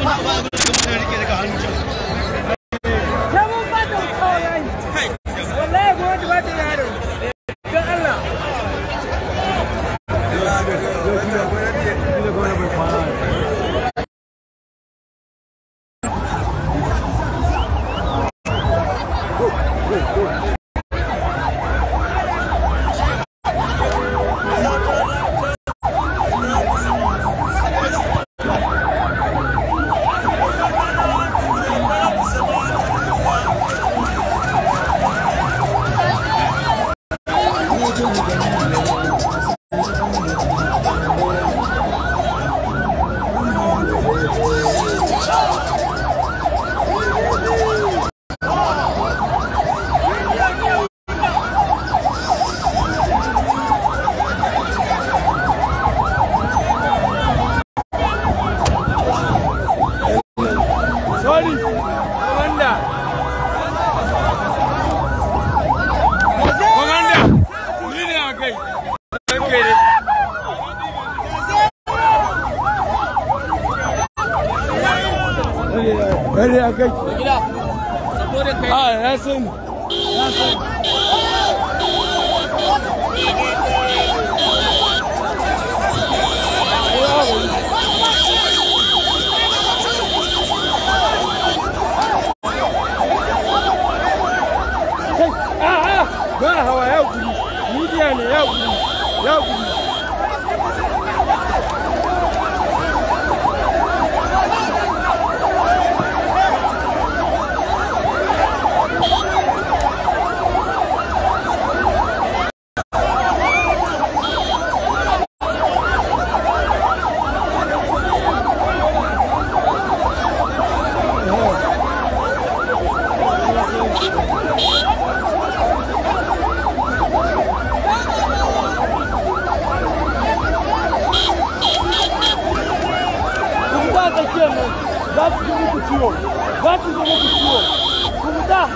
Good, good. bari a kai a ah, ya san ya san ah, ah. ba ya gudu, midiya ya ya zajdziemy, zawsze go wypuściło, zawsze go wypuściło. Kumuda!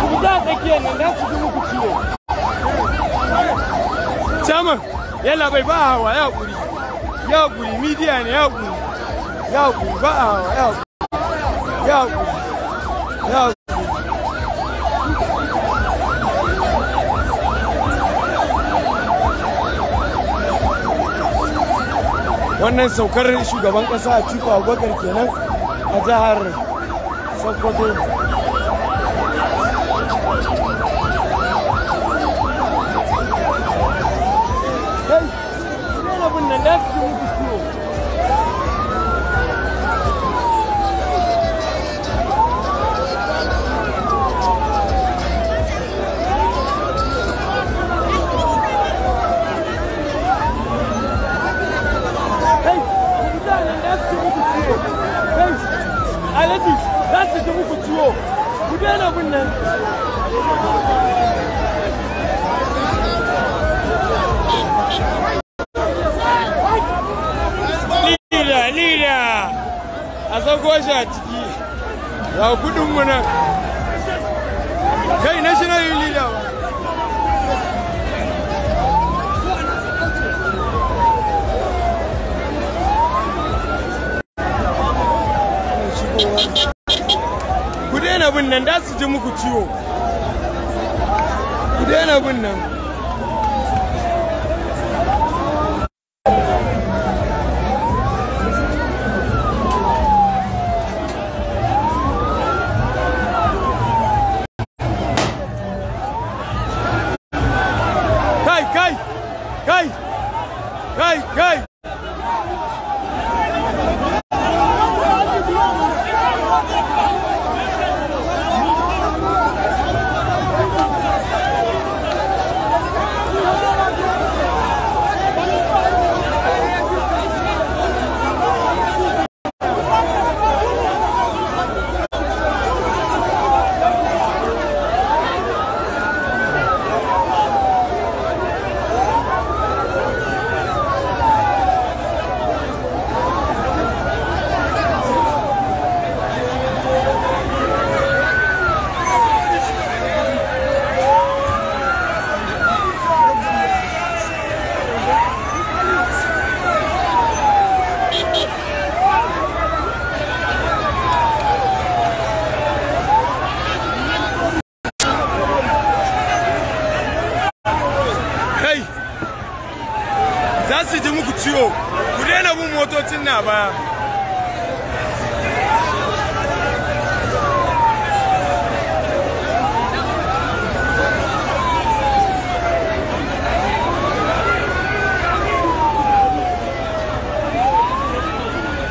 Kumuda zajdziemy, zawsze go wypuściło. Cama, yalla bai ba hawa ya guri, ya guri, midiya ne ya guri, ya guri ba hawa ya guri, ya guri. wannan saukar shugaban kasa a cikin abubakar kenan a jihar sokoto hey, alaji za su ji muku ciwo ku daina bin a sako shi ciki ga kudin mu ku daina bin nan da su ji muku ciwo ku daina bin nan za su ji muku ciwo ku daina bin motocin na baya